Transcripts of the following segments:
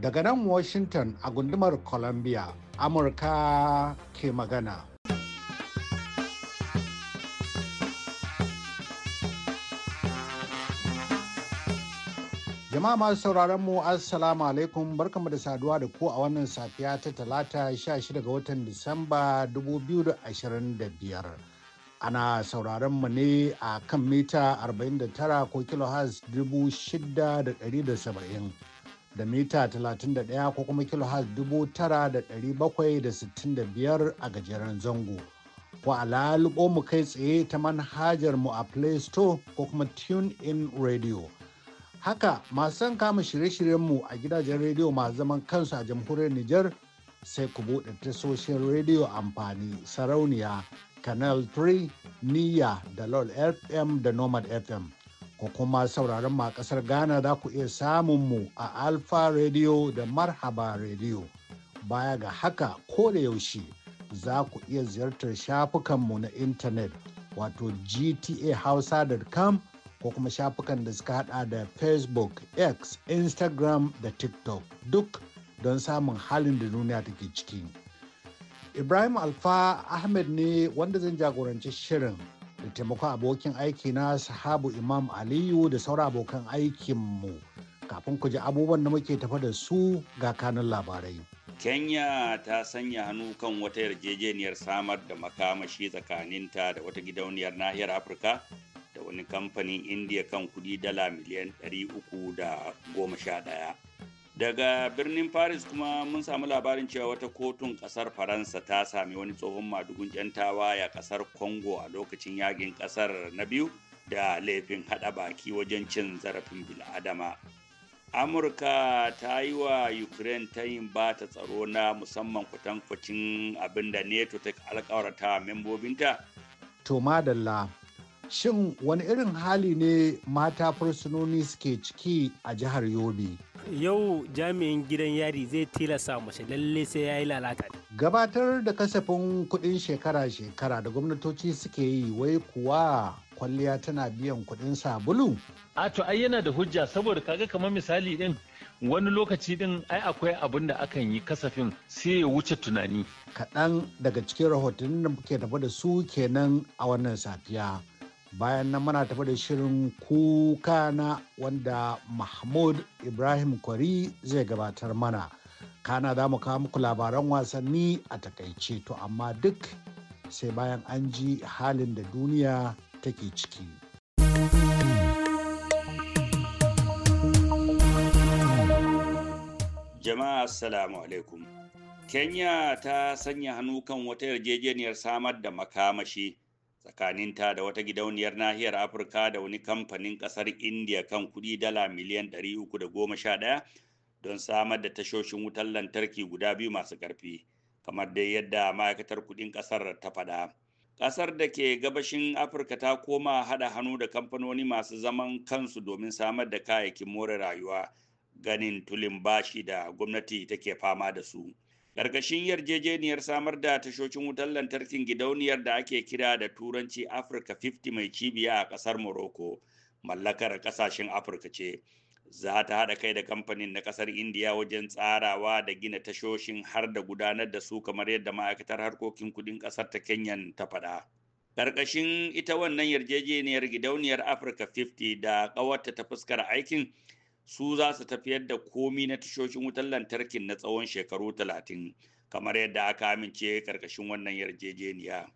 Daga nan Washington a gundumar Columbia, Amurka ke magana. Jama'a masu sauraron mu Assalamu alaikum barkamu da saduwa da ku a wannan safiya ta talata 16 ga watan Disamba 2025. Ana sauraron mu ne a kan mita 49 ko kilohertz 6,770. da mita 31 ko kuma da 9765 a gajeren zango. Ko a mu kai tsaye ta manhajar mu a Play Store ko kuma Tune In Radio. Haka masu son kama shirye-shiryenmu a gidajen rediyo masu zaman kansu a jamhuriyar Nijar sai ku buɗe ta tasoshin radio amfani sarauniya Canal 3, Niyya da LOL FM da Nomad FM. ko kuma sauraron ma kasar Ghana za ku iya samun mu a Alpha Radio da Marhaba Radio. Baya ga haka ko da yaushe za ku iya ziyartar shafukanmu na intanet wato gtahausa.com ko kuma shafukan da suka hada da Facebook, X, Instagram da TikTok duk don samun halin da duniya take ciki. Ibrahim Alfa Ahmed ne wanda zan jagoranci shirin da taimakon abokin aiki na sahabu imam aliyu da sauran abokan aikinmu kafin ku ji abubuwan da muke tafa da su ga kanun labarai kenya ta sanya hannu kan wata yarjejeniyar samar da makamashi tsakaninta da wata gidauniyar nahiyar afirka da wani kamfanin indiya kan kudi dala miliyan 311 daga birnin paris kuma mun samu labarin cewa wata kotun kasar faransa ta sami wani tsohon madugun yan tawaya kasar congo a lokacin yakin kasar na biyu da laifin hada baki wajen cin zarafin bil'adama amurka ta yi wa ukraine ta yin ba ta tsaro na musamman kwatankwacin abin da neto ta alkawarta membobinta to madalla shin wani irin hali ne mata fursunoni suke ciki a jihar yobe yau jami'in gidan yari zai tilasta mace lalle sai ya yi lalata. Gabatar da kasafin kuɗin shekara-shekara da gwamnatoci suke yi wai kuwa kwalliya tana biyan kuɗin sabulu. A to ai yana da hujja saboda kaga kamar misali din wani lokaci din ai akwai abin da akan yi kasafin sai ya wuce tunani. Kaɗan daga cikin rahotannin da muke tafa da su kenan a wannan safiya. bayan nan muna tafi da shirin kuka na wanda mahmud ibrahim kwari zai gabatar mana kana za mu kawo muku labaran wasanni a takaice to amma duk sai bayan an ji halin da duniya take ciki jama'a assalamu alaikum kenya ta sanya hannu kan wata yarjejeniyar samar da makamashi tsakanin ta da wata gidauniyar nahiyar afirka da wani kamfanin kasar india kan kudi dala miliyan 311 don samar da tashoshin wutar lantarki guda biyu masu karfi kamar dai yadda ma'aikatar kudin kasar ta faɗa ƙasar da ke gabashin afirka ta koma haɗa hannu da kamfanoni masu zaman kansu domin samar da kayayyakin more rayuwa ganin tulin bashi da gwamnati take fama da su. Ƙarƙashin yarjejeniyar samar da tashocin wutar lantarkin gidauniyar da ake kira da Turanci Afirka 50 mai cibiya a ƙasar Morocco, mallakar ƙasashen Afirka ce. Za ta haɗa kai da kamfanin na ƙasar Indiya wajen tsarawa da gina tashoshin har da gudanar da su kamar yadda ma'aikatar harkokin kuɗin ƙasar ta Kenyan ta faɗa. Ƙarƙashin ita wannan yarjejeniyar gidauniyar Afirka 50 da ƙawarta ta fuskar aikin su za su tafiyar da komi na tashoshin wutar lantarkin na tsawon shekaru talatin kamar yadda aka amince karkashin wannan yarjejeniya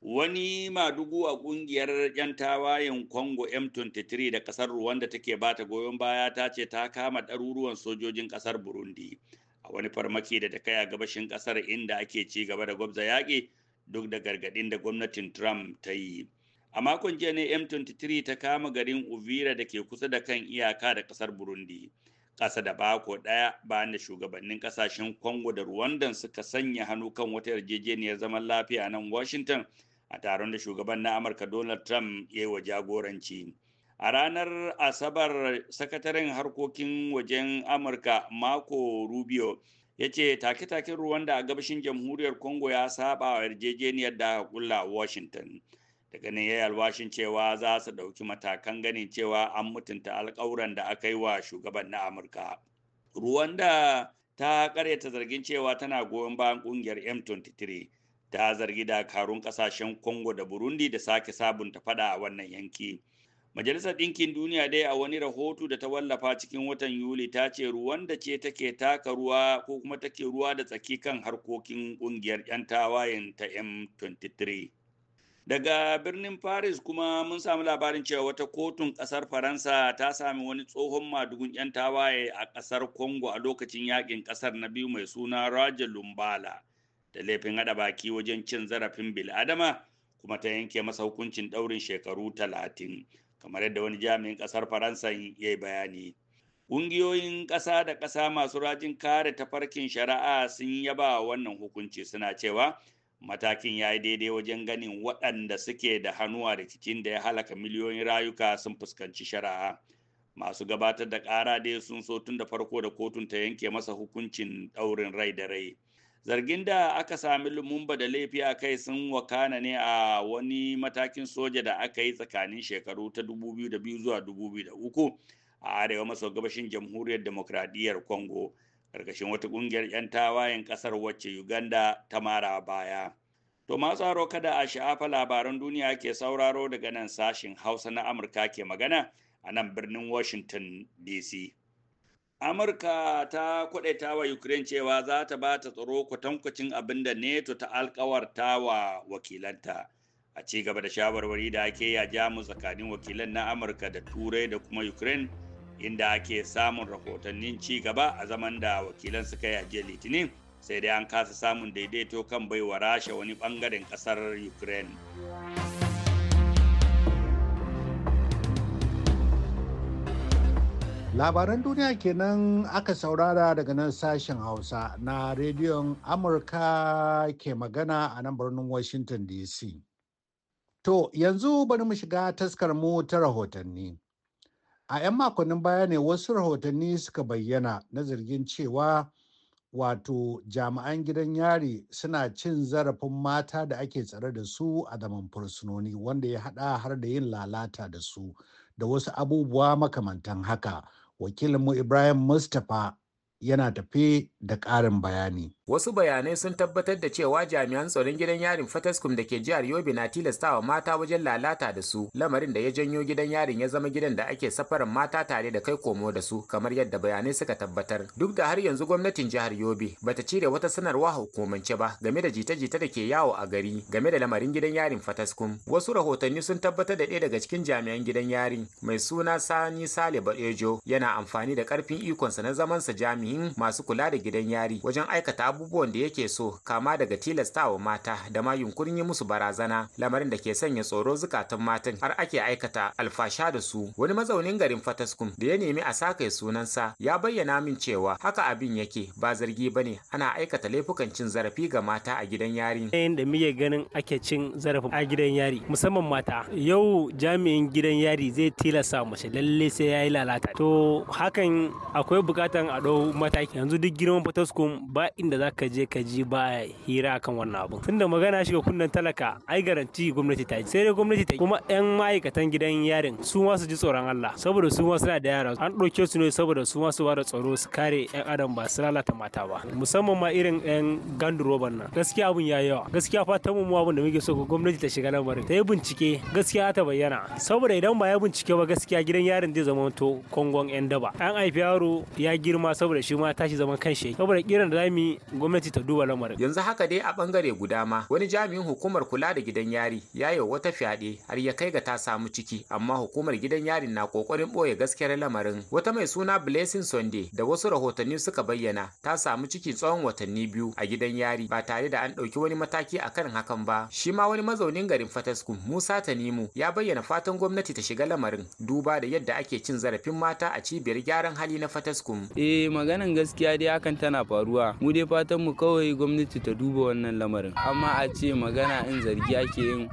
wani madugu a kungiyar 'yan tawayen congo m23 da kasar rwanda take bata goyon baya ta ce ta kama ɗaruruwan sojojin kasar burundi a wani farmaki da ta kai gabashin kasar inda ake ci gaba da gwabza yaƙi duk da gargaɗin da gwamnatin trump ta yi A makon jiya ne M23 ta kama garin Uvira da ke kusa da kan iyaka da kasar Burundi. Ƙasa da bako ɗaya bayan da shugabannin ƙasashen Congo da Rwanda suka sanya hannu kan wata yarjejeniyar zaman lafiya nan Washington a taron da shugaban na Amurka Donald Trump ya yi wa jagoranci. A ranar Asabar, sakataren harkokin wajen Amurka Marco Rubio ya ce take-taken Rwanda a gabashin jamhuriyar Congo ya saba wa yarjejeniyar da kulla Washington. daga nan yayi alwashin cewa za su ɗauki matakan ganin cewa an mutunta alƙawuran da aka yi wa shugaban na amurka ruwanda ta karyata zargin cewa tana goyon bayan ƙungiyar m23 ta zargi dakarun ƙasashen congo da burundi da sake sabunta fada a wannan yanki majalisar ɗinkin duniya dai a wani rahoto da ta wallafa cikin watan yuli ta ce da ce take taka ruwa ko kuma take ruwa da tsaki kan harkokin ƙungiyar 'yan tawayen ta m23 Daga birnin Paris kuma mun samu labarin cewa wata kotun kasar Faransa ta sami wani tsohon madugun 'yan tawaye a kasar Congo a lokacin yakin kasar na biyu mai suna Raja Lumbala da laifin hada baki wajen cin zarafin bil'adama kuma ta yanke masa hukuncin daurin shekaru talatin kamar yadda wani jami'in kasar Faransa ya yi bayani. Ƙungiyoyin ƙasa da ƙasa masu rajin kare tafarkin shari'a sun yaba wannan hukunci suna cewa matakin ya yi daidai wajen ganin waɗanda suke da hannuwa da rikicin da ya halaka miliyoyin rayuka sun fuskanci shari'a masu gabatar da ƙara dai sun so tun da farko da kotun ta yanke masa hukuncin ɗaurin rai da rai zargin da aka sami lumumba da laifi a kai sun wakana ne a wani matakin soja da aka yi tsakanin shekaru ta 2002 zuwa 2003 a arewa maso gabashin jamhuriyar demokradiyyar congo ƙarƙashin wata ƙungiyar 'yan tawayen ƙasar wacce Uganda ta mara baya. To matsaro kada a sha'afa labaran duniya ke sauraro daga nan sashin Hausa na Amurka ke magana a nan birnin Washington DC. Amurka ta kwadaita wa Ukraine cewa za ta ba ta tsaro kwatankwacin abin da NATO ta alkawarta wa wakilanta. A ci gaba da shawarwari da ake yi a jamus tsakanin wakilan na Amurka da Turai da kuma Ukraine inda ake samun rahotannin ci gaba a zaman da wakilan suka yi a litinin sai dai an kasa samun daidaito kan baiwa rasha wani bangaren kasar ukraine labaran duniya kenan aka saurara daga nan sashen hausa na rediyon amurka ke magana a nan birnin washington dc to yanzu bari mu shiga taskar mu ta rahotanni a 'yan makonnin baya ne wasu rahotanni suka bayyana na zargin cewa wato jami'an gidan yari suna cin zarafin mata da ake tsare da su a zaman fursunoni wanda ya hada har da yin lalata da su da wasu abubuwa makamantan haka wakilinmu ibrahim mustapha yana tafe da ƙarin bayani. Wasu bayanai sun tabbatar da cewa jami'an tsaron gidan yarin Fataskum da ke jihar Yobe na tilastawa mata wajen lalata da su, lamarin da ya janyo gidan yarin ya zama gidan da ake safarin mata tare da kai komo da su, kamar yadda bayanai suka tabbatar. Duk da har yanzu gwamnatin jihar Yobe bata cire wata sanarwa hukumance ba game da jita-jita da ke yawo a gari game da lamarin gidan yarin Fataskum. Wasu rahotanni sun tabbatar da ɗaya daga cikin jami'an gidan yarin mai suna Sani Sale Badejo yana amfani da ƙarfin ikonsa na zamansa jami'a yin masu kula da gidan yari wajen aikata abubuwan da yake so kama daga tilastawa mata da ma yunkurin yi musu barazana lamarin da ke sanya tsoro zukatan matan har ake aikata alfasha da su wani mazaunin garin fataskum da ya nemi a sake sunansa ya bayyana min cewa haka abin yake ba zargi ba ne. ana aikata laifukan cin zarafi ga mata a gidan yari yayin da muke ganin ake cin zarafi a gidan yari musamman mata yau jami'in gidan yari zai tilasta mace lalle sai yayi lalata to hakan akwai bukatan a dau mataki yanzu duk girman fataskum ba inda za ka je ka ji ba hira kan wannan abun tunda magana shiga kunnen talaka ai garanti gwamnati ta ji sai dai gwamnati ta kuma yan ma'aikatan gidan yarin su ma su ji tsoron Allah saboda su ma suna da yara an ɗauke su ne saboda su ma su ba da tsaro su kare yan adam ba su lalata mata ba musamman ma irin yan gandurobar nan gaskiya abun ya yawa gaskiya fatan mu abun da muke so gwamnati ta shiga lamarin ta yi bincike gaskiya ta bayyana saboda idan ba ya bincike ba gaskiya gidan yarin zai zama to kongon yan daba an haifi yaro ya girma saboda shi ma tashi zaman kanshi saboda kiran da yi gwamnati ta duba lamarin yanzu haka dai a bangare guda ma wani jami'in hukumar kula da gidan yari ya yi wata fyaɗe har ya kai ga ta samu ciki amma hukumar gidan yarin na kokarin ɓoye gaskiyar lamarin wata mai suna Blessing Sunday da wasu rahotanni suka bayyana ta samu ciki tsawon watanni biyu a gidan yari ba tare da an ɗauki wani mataki a kan hakan ba shi ma wani mazaunin garin Fataskum Musa Tanimu ya bayyana fatan gwamnati ta shiga lamarin duba da yadda ake cin zarafin mata a cibiyar gyaran hali na Fataskum eh, maganin gaskiya dai hakan tana faruwa mu dai fatan mu kawai gwamnati ta duba wannan lamarin amma a ce magana in zargi ake yin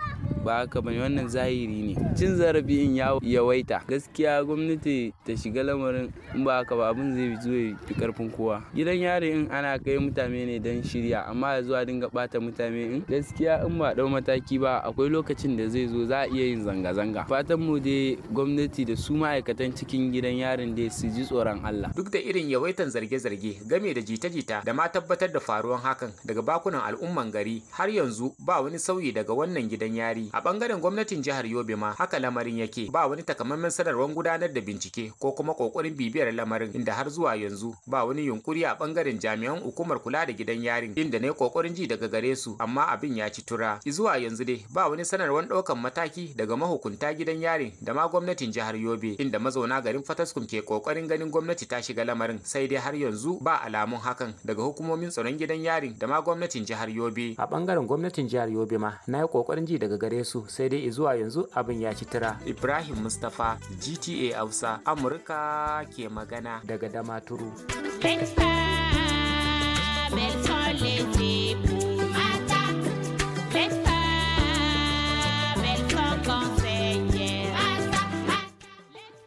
ba haka bane wannan zahiri ne cin zarafi in ya yawaita gaskiya gwamnati ta shiga lamarin in ba haka ba abin zai zo fi karfin kowa gidan yari in ana kai mutane ne don shirya amma ya zuwa dinga bata mutane in gaskiya in ba dau mataki ba akwai lokacin da zai zo za a iya yin zanga-zanga fatan mu dai gwamnati da su ma'aikatan cikin gidan yarin dai su ji tsoron Allah duk da irin yawaitan zarge-zarge game da jita-jita da ma tabbatar da faruwan hakan daga bakunan al'umman gari har yanzu ba wani sauyi daga wannan gidan yari a bangaren gwamnatin jihar yobe ma haka lamarin yake ba wani takamaiman sanarwar gudanar da bincike ko kuma kokarin bibiyar lamarin inda har zuwa yanzu ba wani yunkuri a bangaren jami'an hukumar kula da gidan yarin inda ne kokarin ji daga gare su amma abin ya ci tura zuwa yanzu dai ba wani sanarwar ɗaukan mataki daga mahukunta gidan yarin da ma gwamnatin jihar yobe inda mazauna garin fataskum ke kokarin ganin gwamnati ta shiga lamarin sai dai har yanzu ba alamun hakan daga hukumomin tsaron gidan yarin da ma gwamnatin jihar yobe a bangaren gwamnatin jihar yobe ma na yi kokarin ji daga gare su sai dai zuwa yanzu abin ya ci tira. Ibrahim Mustapha GTA Hausa Amurka ke magana daga Damaturu.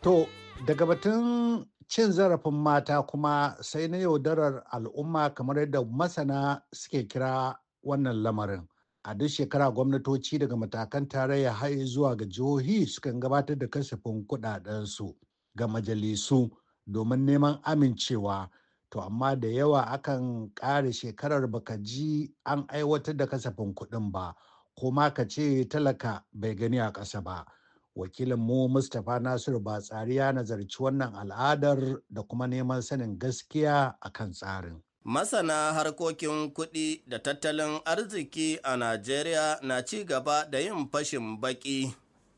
To daga batun cin zarafin mata kuma sai na yaudarar al'umma kamar yadda masana suke kira wannan lamarin. a duk shekara gwamnatoci daga matakan tarayya har zuwa ga jihohi sukan gabatar da kasafin su ga majalisu domin neman amincewa to amma da yawa akan ƙare shekarar baka ji an aiwatar da kasafin kuɗin ba ko ma ka ce talaka bai gani a ƙasa ba wakilin mu mustapha nasiru ba tsari ya nazarci wannan al'adar da kuma neman sanin gaskiya akan tsarin Masana harkokin kuɗi da tattalin arziki a Najeriya na ci gaba da yin fashin baƙi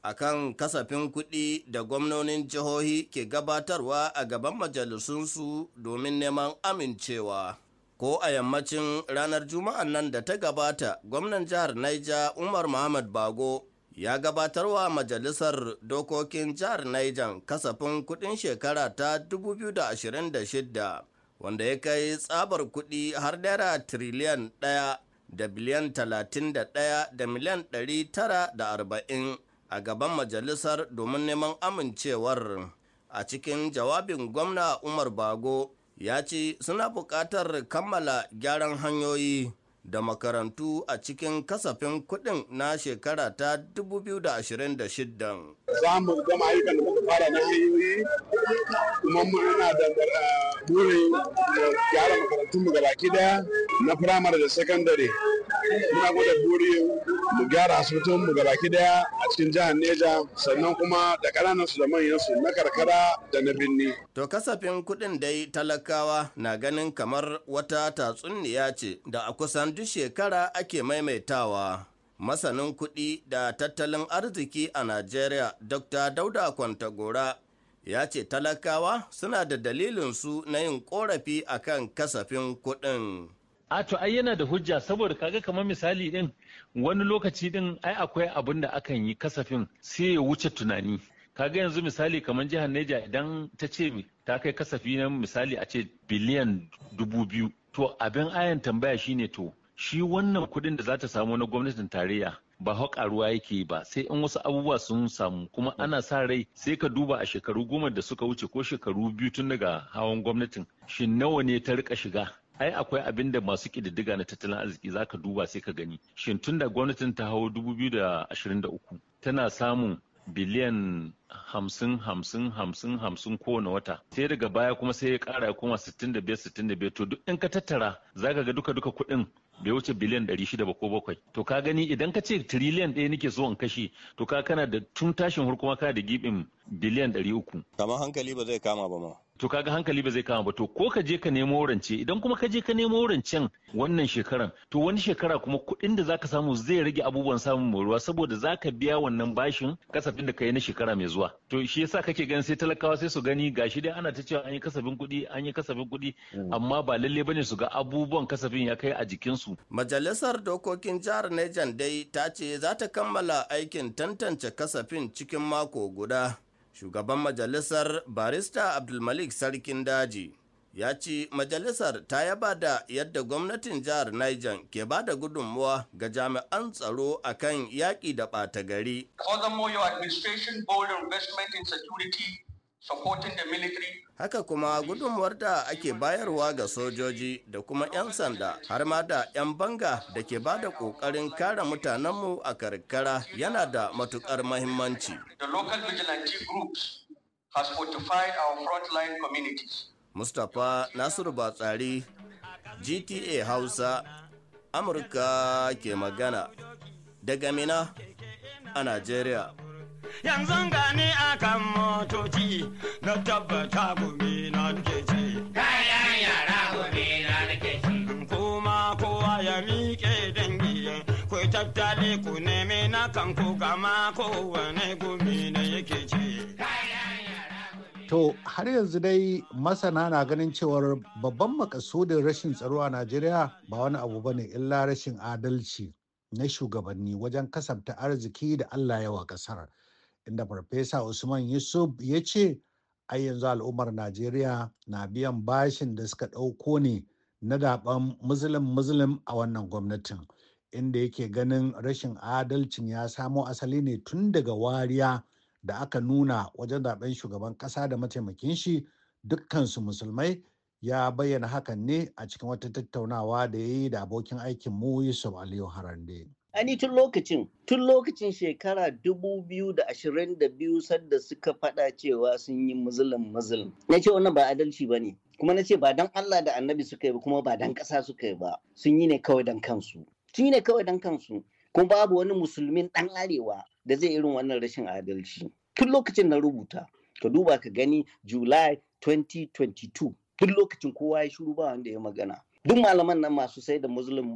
a kan kasafin kuɗi da gwamnonin jihohi ke gabatarwa a gaban majalisunsu domin neman amincewa. Ko a yammacin ranar juma'a nan da ta gabata, gwamnan jihar Naija Umar Muhammad Bago ya gabatarwa majalisar dokokin jihar Naija kasafin kuɗin shekara ta 2026. wanda ya kai tsabar kuɗi har naira tiriliyan ɗaya da biliyan talatin da ɗaya da miliyan ɗari tara da arba'in a gaban majalisar domin neman amincewar a cikin jawabin gwamna umar bago ya ce suna buƙatar kammala gyaran hanyoyi da makarantu a cikin kasafin kuɗin na shekara ta 2026. Za mu gama ayyukan da muka fara na hanyoyi kuma mu yana da burin gyara makarantun mu gabaki daya na firamare da sakandare. Muna gwada buri mu gyara asibitin mu gabaki daya a cikin jihar Neja sannan kuma da ƙananan su da manyan su na karkara da na birni. To kasafin kuɗin dai talakawa na ganin kamar wata tatsuniya ce da a kusan duk shekara ake maimaitawa. Masanin kuɗi da tattalin arziki a Najeriya, Dr. Dauda Kwantagora, ya ce talakawa suna da dalilinsu na yin ƙorafi akan kasafin kuɗin. a to ai yana da hujja saboda kaga kamar misali din wani lokaci din ai akwai abin da akan yi kasafin sai ya wuce tunani kaga yanzu misali kamar jihar Neja idan ta ce ta kai kasafi na misali a ce biliyan dubu biyu to abin ayan tambaya shine to shi wannan kuɗin da za ta samu na gwamnatin tarayya ba ruwa yake ba sai in wasu abubuwa sun samu kuma ana sa rai sai ka duba a shekaru goma da suka wuce ko shekaru biyu tun daga hawan gwamnatin shi nawa ne ta rika shiga ai akwai abin da masu ƙididdiga na tattalin arziki za ka duba sai ka gani shin tun da gwamnatin ta hawo 2023 tana samun biliyan hamsin hamsin hamsin hamsin kowane wata sai daga baya kuma sai ya kara ya koma sittin da biyar sittin da biyar to duk in ka tattara za ka ga duka duka kuɗin bai wuce biliyan shida ba ko bakwai to ka gani idan ka ce triliyan ɗaya nake so in kashe to ka kana da tun tashin hurkuma kana da gibin biliyan 300 kamar hankali ba zai kama ba ma to kaga hankali ba zai kama ba to ko ka je ka nemo rance idan kuma ka je ka nemo rancen wannan shekaran to wani shekara kuma kuɗin da zaka samu zai rage abubuwan samun moruwa saboda zaka biya wannan bashin kasafin da ka yi na shekara mai zuwa to shi yasa kake ganin sai talakawa sai su gani gashi dai ana ta cewa an yi kasafin kuɗi an yi kasafin kuɗi mm. amma ba lalle bane su ga abubuwan kasafin ya kai a jikin su majalisar dokokin jihar Niger dai ta ce za ta kammala aikin tantance kasafin cikin mako guda shugaban majalisar barista abdulmalik sarkin daji ya ce majalisar ta yaba da yadda gwamnatin jihar niger ke ba da gudunmuwa ga jami'an tsaro a kan yaƙi da ɓata gari. Furthermore, your administration bold investment in security supporting the military. Haka kuma gudunmuwar da ake bayarwa ga sojoji da kuma 'yan sanda har ma da 'yan banga da ke ba da ƙoƙarin kare mutanenmu a karkara yana da matuƙar mahimmanci. The local vigilante groups has fortified our frontline communities. Mustapha Nasiru Batsari, GTA Hausa, Amurka ke magana daga Mina a Najeriya. yanzu gani kan motoci na tabbata gumi na nake ci. Kayan yara gumi na nake ci. Kuma kowa ya miƙe dangi ku tattale ku neme na kan ku gama kowane gumi na yake ci. To har yanzu dai masana na ganin cewar babban makasudin rashin tsaro a Najeriya ba wani abu ba ne illa rashin adalci na shugabanni wajen kasafta arziki da Allah yawa kasar. inda farfesa usman yusuf ya ce a yanzu al'ummar najeriya na biyan bashin da suka ɗauko ne na daban muslim muslim a wannan gwamnatin inda yake ganin rashin adalcin ya samo asali ne tun daga wariya da aka nuna wajen daɓen shugaban ƙasa da mataimakin shi dukkansu musulmai ya bayyana hakan ne a cikin wata tattaunawa da ya yi da abokin aikin mu yusuf aliyu harande. Ani tun lokacin, tun lokacin shekara dubu biyu da ashirin da biyu sadda suka faɗa cewa sun yi muzulun muzulun Na ce wannan ba adalci ba ne, kuma na ce ba dan Allah da annabi suka yi ba kuma ba dan ƙasa suka yi ba, sun yi ne kawai dan kansu. Sun yi ne kawai dan kansu, kuma babu wani musulmin ɗan arewa da zai irin wannan rashin adalci. Tun lokacin na rubuta, ka duba ka gani July 2022, tun lokacin kowa ya shiru ba wanda ya magana. duk malaman nan masu sai da muslim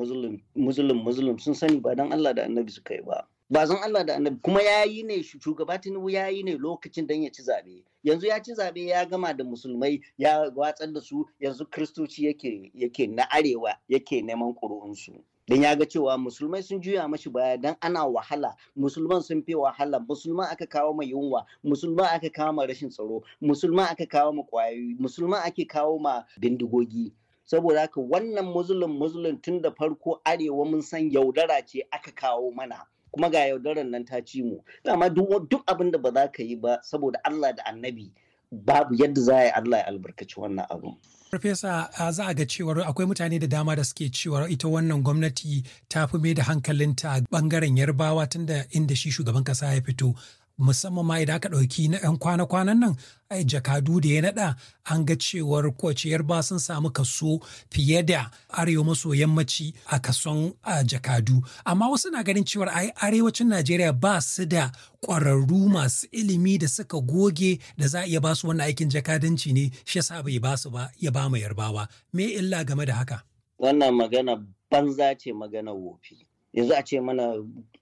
muslim muslim sun sani ba dan Allah da annabi su kai ba ba zan Allah da annabi kuma ya yi ne shugaba tinubu ya yi ne lokacin dan ya ci zabe yanzu ya ci zabe ya gama da musulmai ya watsar da su yanzu kristoci yake yake na arewa yake neman su. dan ya ga cewa musulmai sun juya mashi baya dan ana wahala musulman sun fi wahala musulman aka kawo ma yunwa musulman aka kawo ma rashin tsaro musulman aka kawo ma kwayoyi musulman ake kawo ma bindigogi saboda haka wannan muzulun muslim tun da farko arewa mun san yaudara ce aka kawo mana kuma ga yaudaran nan ta ci mu dama duk abin da ba za ka yi ba saboda Allah da annabi babu yadda za a yi Allah ya albarkaci wannan abu. Farfesa za a ga cewar akwai mutane da dama da suke cewar ita wannan gwamnati ta fi mai da hankalinta a bangaren yarbawa tunda inda shi shugaban kasa ya fito musamman ma idan aka ɗauki na 'yan kwana-kwanan nan ai jakadu da ya naɗa an ga cewar kociyar ba sun samu kaso fiye da arewa maso yammaci a kason jakadu amma wasu na ganin cewar ai arewacin najeriya ba su da ƙwararru masu ilimi da suka goge da za a iya basu wannan aikin jakadanci ne shi yasa bai basu ba ya ba mu yarbawa me illa game da haka wannan magana banza ce magana wofi yanzu a ce mana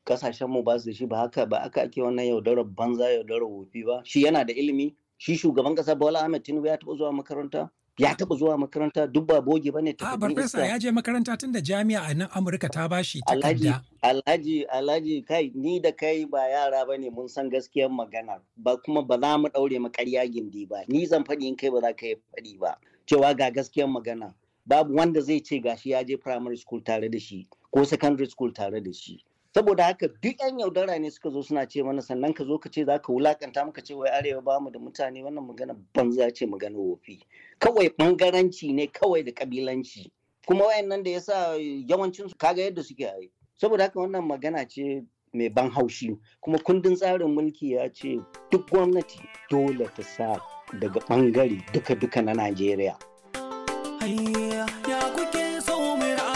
kasashen mu ba su da shi ba haka ba aka ake wannan yaudarar banza yaudarar wofi ba shi yana da ilimi shi shugaban kasa Bola Ahmed Tinubu ya taɓa zuwa makaranta ya taɓa zuwa makaranta duk ba boge ba ne. A farfesa ya je makaranta tun da jami'a a nan Amurka ta ba shi takarda. Alhaji Alhaji kai ni da kai ba yara ba ne mun san gaskiyar magana ba kuma ba za mu ɗaure mu ƙarya gindi ba ni zan faɗi in kai ba za ka yi faɗi ba cewa ga gaskiyar magana babu wanda zai ce gashi ya je primary school tare da shi. ko secondary school tare da shi saboda haka duk yan yaudara ne suka zo suna ce mana sannan ka zo ka ce za ka wulakanta maka ce wai arewa ba mu da mutane wannan magana banza ce magana wofi kawai bangaranci ne kawai da kabilanci kuma wayannan da yasa yawancin su kaga yadda suke yi saboda haka wannan magana ce mai ban haushi kuma kundin tsarin mulki ya ce duk gwamnati dole ta sa daga bangare duka-duka na najeriya ya kuke so mai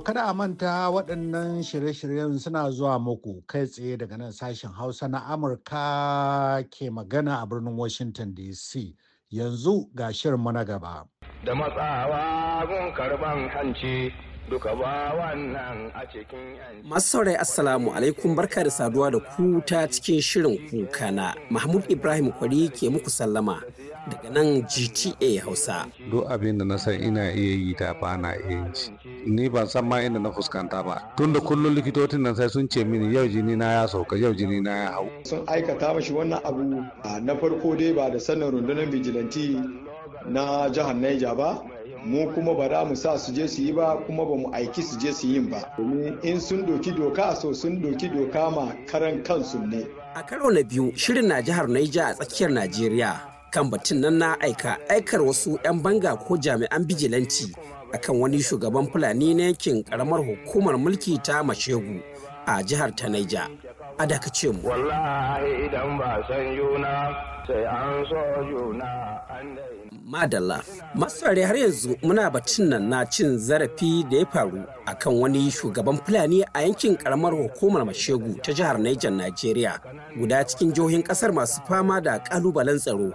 kada a manta waɗannan shirye-shiryen suna zuwa muku kai tsaye daga nan sashen Hausa na Amurka ke magana a birnin Washington DC. Yanzu ga shirin na gaba. Da matsawa gun karban hanci duka ba wannan a cikin masu assalamu alaikum barka da saduwa da ku ta cikin shirin kuka na mahmud ibrahim kwari ke muku sallama daga nan gta hausa duk abin da na san ina iya yi ta ba na iya ni ban san ma inda na fuskanta ba tun da kullum likitocin nan sai sun ce mini yau jini na ya sauka yau jini na ya hau sun aikata mashi wannan abu na farko dai ba da sanin rundunar vigilanti na jihar Niger ba mu kuma ba za mu sa su je su yi ba kuma ba mu aiki su je su yin ba domin in sun doki doka so sun doki doka ma karan kansu ne a karo na biyu shirin na jihar Niger a tsakiyar Najeriya kan batun nan na aika aikar wasu 'yan banga ko jami'an bijilanci akan wani shugaban fulani na yankin karamar hukumar mulki ta mashegu a jihar ta Niger a dakace mu. Wallahi idan ba an so yuna an Madalla, har yanzu muna batun nan na cin zarafi da ya faru akan wani shugaban Fulani a yankin karamar hukumar Mashegu ta jihar Niger Najeriya guda cikin jihohin kasar masu fama da kalubalen tsaro.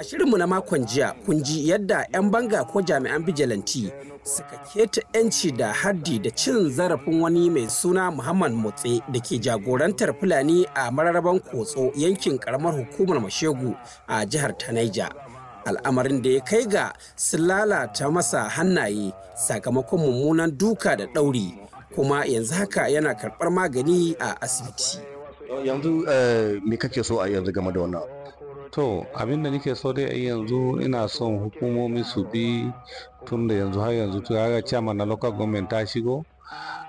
A shirinmu na makon jiya kun ji yadda 'yan banga ko jami'an bijilanti suka keta 'yanci da haddi da cin zarafin wani mai suna Muhammad motse da ke jagorantar Fulani a mararaban kotso yankin karamar hukumar Mashegu a jihar Tanaija. Al'amarin da ya kai ga sun lalata masa hannaye sakamakon mummunan duka da ɗauri kuma yanzu haka yana karɓar magani a asibiti. Yanzu eh, me kake so a yanzu game da wannan? to abinda nake so dai a yanzu ina son hukumomi su bi tun da yanzu har yanzu to ga chairman na local government ta shigo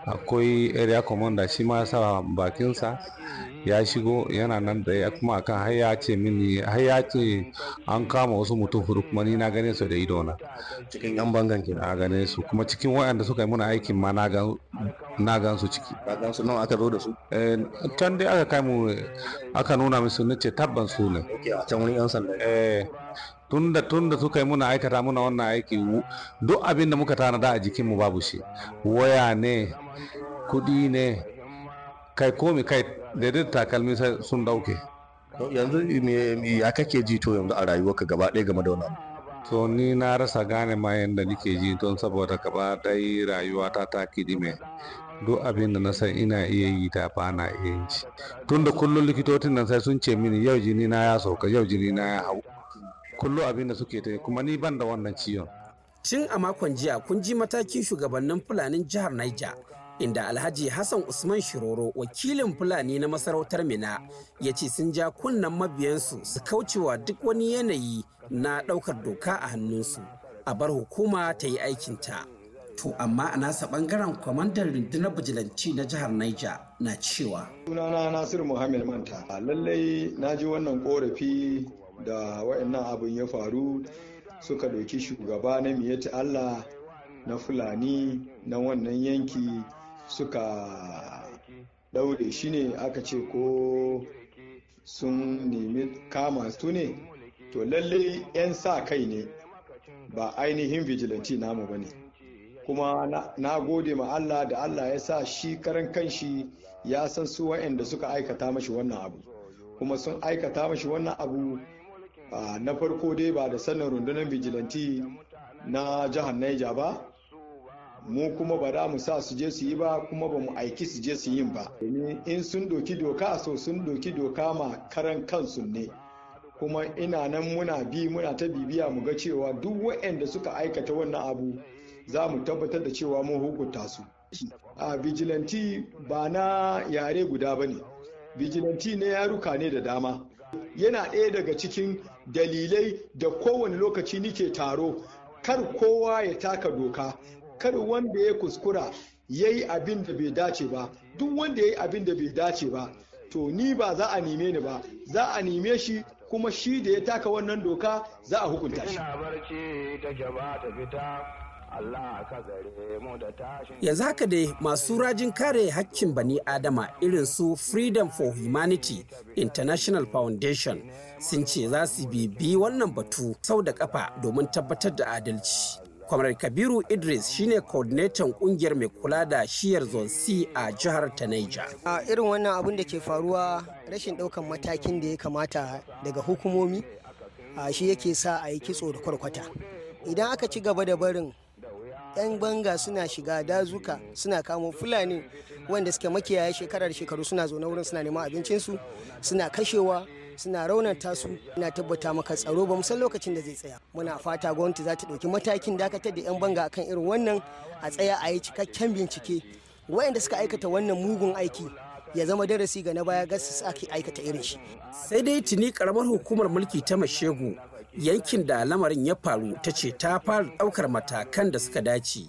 akwai area commander shi ma sa bakinsa ya shigo yana nan da ya kuma kan har ya ce mini har ya ce an kama wasu mutum hudu kuma ni na gane su da na. cikin yan bangan ke na gane su kuma cikin wayanda suka yi muna aikin ma na gan su ciki ba gan su nan aka zo da su eh can dai aka kai mu aka nuna musu nace tabban su ne a can wani yan sanda eh tunda tunda suka yi muna aikata muna wannan aiki duk abin da muka tanada a jikinmu babu shi waya ne kudi ne kai komi kai daidai takalmi sun dauke yanzu ya kake ji to yanzu a rayuwarka gaba ɗaya game da wannan to ni na rasa gane ma yadda nike ji don saboda gaba ɗaya rayuwata ta kidime duk abin da na san ina iya yi ta ba na iya yi tun da kullum likitocin nan sai sun ce mini yau jini na ya sauka yau jini na ya hau Kullum abin da suke ta kuma ni ban da wannan ciwon tun a makon jiya kun ji matakin shugabannin fulanin jihar Niger inda alhaji hassan usman shiroro wakilin fulani na masarautar mina ya ce sun ja kunnan mabiyansu su kaucewa duk wani yanayi na ɗaukar doka a hannunsu a bar hukuma ta yi aikinta to amma a nasa bangaren kwamandan rundunar bijilanci na jihar niger na cewa sunana nasiru muhammad manta lallai na ji wannan korafi da wa'annan abin ya faru suka ɗauki shugaba na miyati Allah na fulani na wannan yanki suka daure shi ne aka ce ko sun nemi kama su ne to lalle 'yan sa kai ne ba ainihin vigilanti namu ba ne kuma na gode ma Allah da Allah ya sa shi karan kanshi ya san su wa'anda suka aikata mashi wannan abu kuma sun aikata mashi wannan abu na farko dai ba da sanin rundunar vigilanti na jihar Naija ba mu kuma ba za mu sa su je su yi ba kuma ba mu aiki su je su yin ba in sun doki doka so sun doki doka ma karan kansu ne kuma ina nan muna bi muna ta bibiya mu ga cewa duk waɗanda suka aikata wannan abu za mu tabbatar da cewa mun hukunta su a vigilanti ba na yare guda ba ne vigilanti ne yaruka ne da dama yana ɗaya daga cikin dalilai da kowane lokaci nike taro kar kowa ya taka doka kar wanda ya kuskura ya yi abin da bai dace ba duk wanda ya yi abin da bai dace ba to ni ba za a neme ni ba za a neme shi kuma shi da ya taka wannan doka za a hukunta shi. Ya zaka dai masu rajin kare hakkin bani adama irin su Freedom for Humanity International Foundation sun ce za su bibi wannan batu sau da kafa domin tabbatar da adalci Kwamar Kabiru Idris shine coordinator kungiyar mai kula da shiyar zone a jihar ta Niger. A irin wannan abin da ke faruwa rashin daukan matakin da ya kamata daga hukumomi shi yake sa a yi kitso da kwarkwata. Idan aka ci gaba da barin 'yan banga suna shiga dazuka suna kamo fulani wanda suke makiyaya shekara da shekaru suna zaune wurin suna neman abincinsu suna kashewa suna raunata su na tabbata maka tsaro ba musan lokacin da zai tsaya muna fata gwamnati za ta ɗauki matakin dakatar da 'yan banga akan irin wannan a tsaya a yi cikakken bincike wayanda suka aikata wannan mugun aiki ya zama darasi ga na baya ga su ake aikata irin shi sai dai tuni karamar hukumar mulki ta mashegu yankin da lamarin ya faru ta ce ta fara daukar matakan da suka dace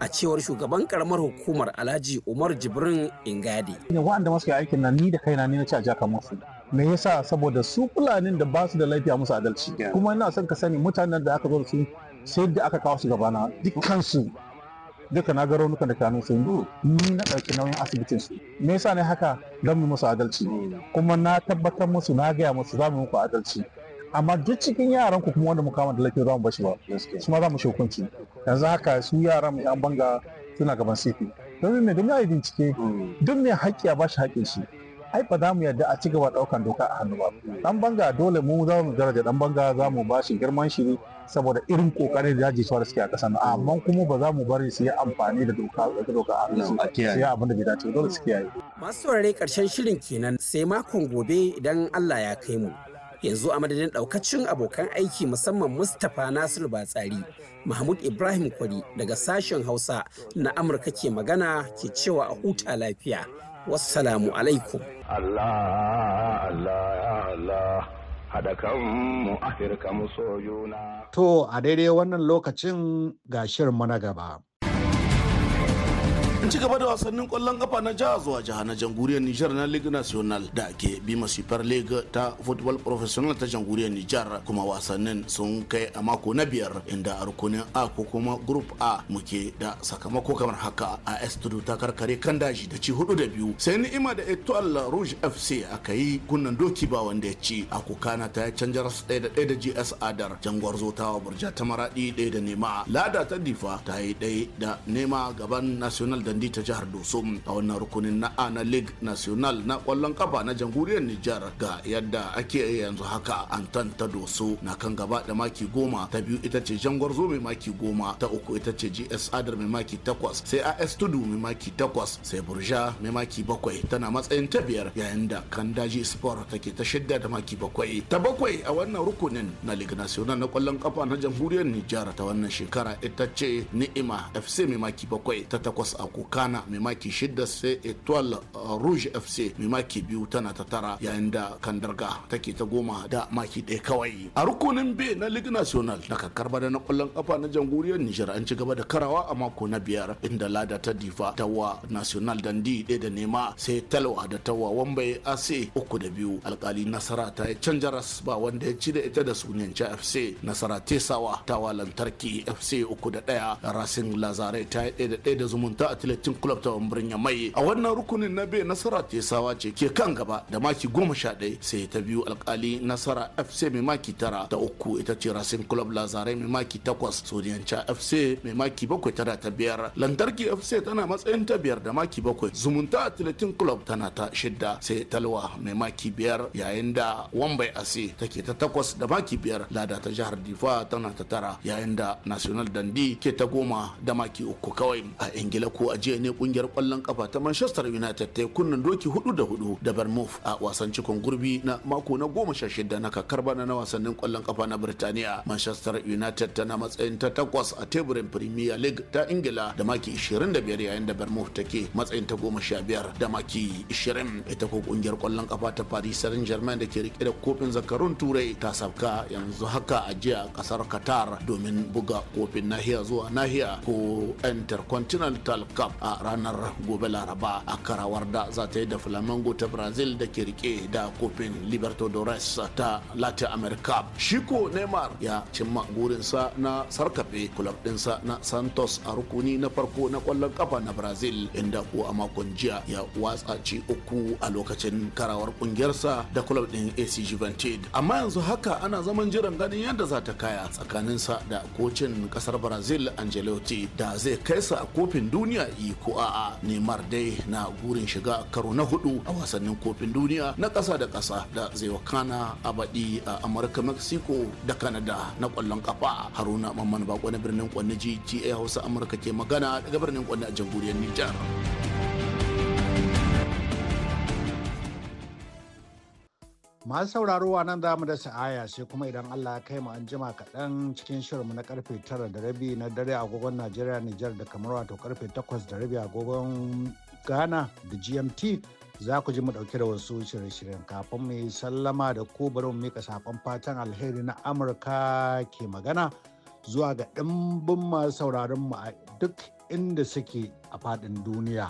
a cewar shugaban karamar hukumar alhaji umar jibrin ingadi wa'anda masu aikin nan ni da kaina ne na ci a musu me yasa saboda su fulanin da ba su da laifi a musu adalci kuma ina son ka sani mutanen da aka zo su sai da aka kawo su gabana dukkansu duka na garo raunukan da kanun sun ni na ɗauki nauyin asibitin su me yasa ne haka don mu musu adalci mm. kuma na tabbatar musu na gaya musu za mu muku adalci amma duk cikin yaran ku kuma wanda mu kama da laifin za mu bashi ba su ma za mu hukunci yanzu haka su yaran mu yan banga suna gaban sifi domin me don a yi bincike duk mai haƙƙi a bashi haƙƙin shi ai ba za mu yarda a ci gaba ɗaukan doka a hannu ba dan banga dole mu za mu daraja dan banga za mu bashi girman shi saboda irin kokarin da jajircewa da suke a kasan nan amma kuma ba za mu bari su yi amfani da doka doka a hannun su sai abin da bai dace dole su kiyaye masu saurare karshen shirin kenan sai makon gobe idan Allah ya kai mu yanzu a madadin daukacin abokan aiki musamman mustapha nasir batsari mahmud ibrahim kwari daga sashen hausa na amurka ke magana ke cewa a huta lafiya wassalamu alaikum allah allah allah To a daidai wannan lokacin ga shirin mana gaba. an ci gaba da wasannin kwallon kafa na jiha zuwa jiha na jamhuriyar nijar na ligue national da ke bi masifar League ta football professional ta jamhuriyar nijar kuma wasannin sun kai a mako na biyar inda a rukunin a ko kuma group a muke da sakamako kamar haka a estudu ta karkare kan daji da ci hudu da biyu sai ni'ima da etoile rouge fc aka yi kunnan doki ba wanda ya ci a kokana ta ya canja rasa ɗaya da ɗaya da gs adar jangwar zotawa burja ta maraɗi ɗaya da nema lada ta difa ta yi ɗaya da nema gaban national da dandi ta jihar Dosun a wannan rukunin na a na league national na kwallon kafa na jamhuriyar nijar ga yadda ake yanzu haka antan ta doso na kan gaba da maki goma ta biyu ita ce jangwarzo mai maki goma ta uku ita ce gs adar mai maki takwas sai as tudu mai maki takwas sai burja mai maki bakwai tana matsayin ta biyar yayin da kandaji sport take ta shidda da maki bakwai ta bakwai a wannan rukunin na league national na kwallon kafa na jamhuriyar nijar ta wannan shekara ita ce ni'ima fc mai maki bakwai ta takwas a kokana mai maki shida sai etoile uh, rouge fc mai maki biyu tana ta tara yayin da kandarga take ta goma da maki ɗaya kawai a rukunin b na ligue national na kakar bada na kwallon kafa na jamhuriyar nijar an ci gaba da karawa a mako na biyar inda lada ta difa ta wa national dandi ɗaya da nema sai talwa da ta tawa wambai ase uku da biyu alkali nasara ta yi canja ras ba wanda ya ci da ita da sunyanci fc nasara tesawa wa lantarki fc uku da ɗaya racing lazare ta yi ɗaya da ɗaya da zumunta a athletic club ta birnin mai a wannan rukunin na bai nasara ta tesawa ce ke kan gaba da maki goma sha ɗaya sai ta biyu alkali nasara fc mai maki tara ta uku ita ce racing club lazare mai maki takwas sodiyanca fc mai maki bakwai tara ta biyar lantarki fc tana matsayin ta biyar da maki bakwai zumunta athletic club tana ta shidda sai talwa mai maki biyar yayin da wambai ase take ta takwas da maki biyar lada ta jihar difa tana ta tara yayin da national dandi ke ta goma da maki uku kawai a ingila ko a jiya ne kungiyar kwallon kafa ta Manchester United ta yi kunnen doki hudu da hudu da Bournemouth a wasan cikon gurbi na mako na goma sha shida na kakar bana na wasannin kwallon kafa na Birtaniya. Manchester United tana matsayin ta takwas a teburin Premier League ta Ingila da maki 25 yayin da Bournemouth take matsayin ta goma sha da maki 20. Ita ko kungiyar kwallon kafa ta Paris Saint-Germain da ke rike da kofin zakarun Turai ta sabka yanzu haka a jiya kasar Qatar domin buga kofin nahiya zuwa nahiya ko Intercontinental Cup cup a ranar gobe laraba a karawar da za ta yi da flamengo ta brazil da ke rike da kofin libertadores ta latin america shiko neymar ya cimma gurinsa na sarkafe club dinsa na santos a rukuni na farko na kwallon kafa na brazil inda ko a makon jiya ya watsa ci uku a lokacin karawar kungiyarsa da club din ac juventud amma yanzu haka ana zaman jiran ganin yadda za ta kaya tsakaninsa da kocin kasar brazil angelotti da zai kai sa a kofin duniya yi ko a'a Neymar dai na gurin shiga karo na hudu a wasannin kofin duniya na kasa da kasa da zai wakana a baɗi a Amurka Mexico da kanada na kwallon kafa Haruna Mamman Bako na birnin Kwanne GTA Hausa Amurka ke magana daga birnin Kwanne a jamhuriyar Nijar. masu sauraro a nan zamu da sa'aya sai kuma idan Allah ya kai mu an jima kaɗan cikin shirinmu na karfe tara da rabi na dare agogon Najeriya Nijar da kamar wato karfe takwas da rabi agogon Ghana da GMT za ku ji mu ɗauke da wasu shirye-shiryen kafin mu yi sallama da ku bari mu mika sakon fatan alheri na Amurka ke magana zuwa ga ɗimbin masu sauraron mu a duk inda suke a faɗin duniya.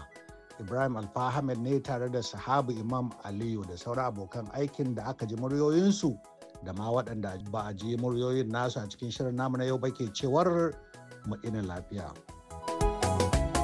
Ibrahim Alfa Ahmed ne tare da sahabu Imam Aliyu da sauran abokan aikin da aka ji muryoyinsu da ma waɗanda ba a ji muryoyin nasu a cikin shirin namu na yau ba ke cewar muinin lafiya.